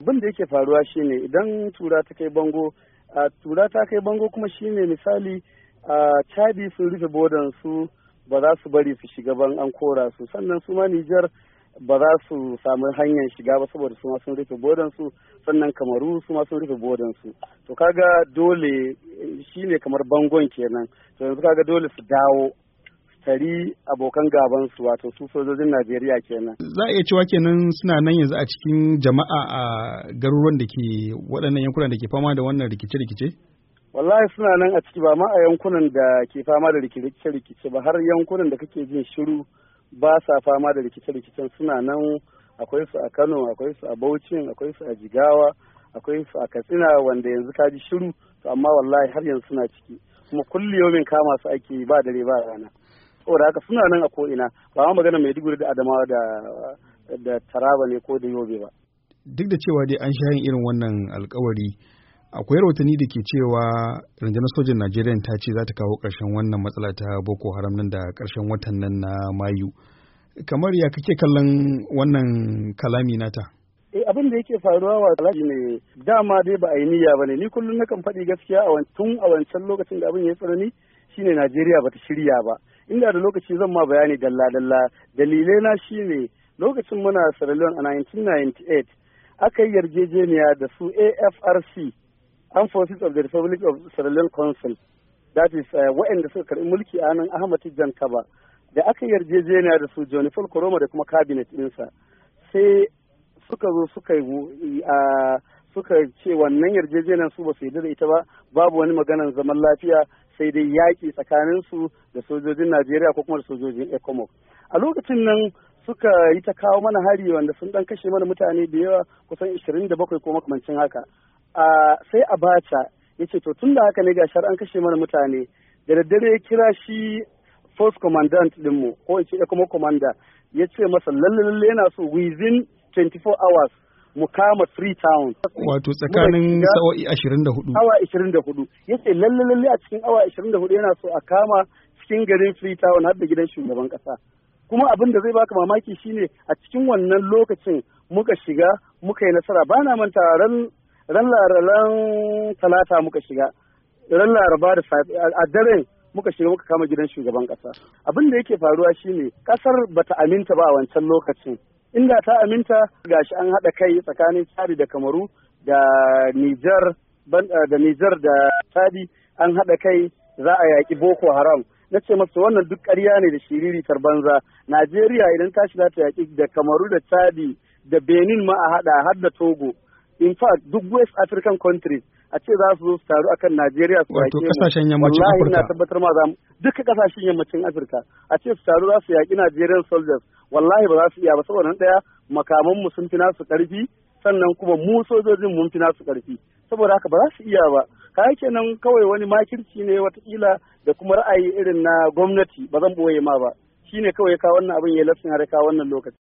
abin da yake faruwa shine idan tura ta kai bango tura ta kai bango kuma shine misali a chadi sun rufe bodan su ba za su bari su shiga ban an kora su sannan su ma nijar ba za su samu hanyar shiga ba saboda su ma sun rufe bodan su sannan kamaru su ma sun rufe bodan su to kaga dole shine kamar bangon kenan to yanzu kaga dole su dawo tari abokan gabansu wato su sojojin Najeriya kenan. Za a iya cewa kenan suna nan yanzu a cikin jama'a a garuruwan da ke waɗannan yankunan da ke fama da wannan rikice-rikice? Wallahi suna nan a ciki ba ma a yankunan da ke fama da rikice-rikice ba har yankunan da kake jin shiru ba sa fama da rikice-rikicen suna nan akwai su a Kano akwai su a Bauchi akwai su a Jigawa akwai su a Katsina wanda yanzu ka ji shiru to amma wallahi har yanzu suna ciki kuma kulli yomin kama su ake ba dare ba rana. saboda haka suna nan a ko'ina ba ma magana mai maiduguri da adamawa da da taraba ne ko da yobe ba duk da cewa dai an sha irin wannan alkawari akwai rahotanni da ke cewa rundunar sojin najeriya ta ce za ta kawo ƙarshen wannan matsala ta boko haram nan da ƙarshen watan nan na mayu kamar ya kake kallon wannan kalami nata eh abin da yake faruwa wa alhaji ne dama dai ba a yi niyya ba ne ni kullum na kan faɗi gaskiya tun a wancan lokacin da abin ya tsanani shine najeriya ba ta shirya ba inda da lokaci zan ma bayani dalla-dalla dalilai na shine lokacin muna Sierra Leone a 1998 aka yi yarjejeniya da su AFRC Armed Forces of the Republic of Sierra Leone Council that is eh, waɗanda suka karɓi mulki a nan Ahmad Tijjan Kaba da aka yarjejeniya da su Johnny Paul Koroma da kuma cabinet ɗinsa sai suka zo suka yi suka ce wannan yarjejeniyar su ba su yarda da ita ba babu wani maganan zaman lafiya sai dai yaƙi tsakaninsu da sojojin Najeriya ko kuma da sojojin ecomo A lokacin nan suka yi ta kawo mana hari wanda sun dan kashe mana mutane da yawa kusan 27 ko makamancin haka. sai Abacha ya ce to tun da haka ne gashar an kashe mana mutane da daddare ya kira shi First commandant dinmu ko in ce ECOMOG commander ya ce masa lalle yana so within 24 hours mu kama Freetown. Wato tsakanin sa'o'i 24. Awa 24. Yace lalle lalle a cikin awa 24 yana so a kama cikin garin Freetown har da gidan shugaban kasa. Kuma abin da zai baka mamaki shine a cikin wannan lokacin muka shiga muka yi nasara ba na manta ran ran laralan talata muka shiga ran laraba da a daren muka shiga muka kama gidan shugaban kasa abin da yake faruwa shine kasar bata aminta ba a wancan lokacin inda ta aminta gashi an haɗa kai tsakanin Chadi da Kamaru da Nijar eh, da Nijar da Chadi an haɗa kai za a yaƙi Boko Haram na ce masa wannan duk ƙarya ne da shiriritar banza Najeriya idan ta shiga ta yaƙi da Kamaru da Chadi da Benin ma a haɗa har da Togo in fact duk West African countries a ce za su zo su taru akan Najeriya su yaƙi kasashen yammacin Afirka wallahi ina tabbatar ma za mu duka kasashen yammacin Afirka a ce su taru za su yaƙi Najeriya soldiers wallahi ba za su iya ba saboda daya makaman mu sun fi nasu karfi sannan kuma mu sojojin mun fi nasu karfi saboda haka ba za su iya ba yake nan kawai wani makirci ne watakila da kuma ra'ayi irin na gwamnati ba zan boye ma ba shine kawai ka wannan abin ya lafsin har ka wannan lokaci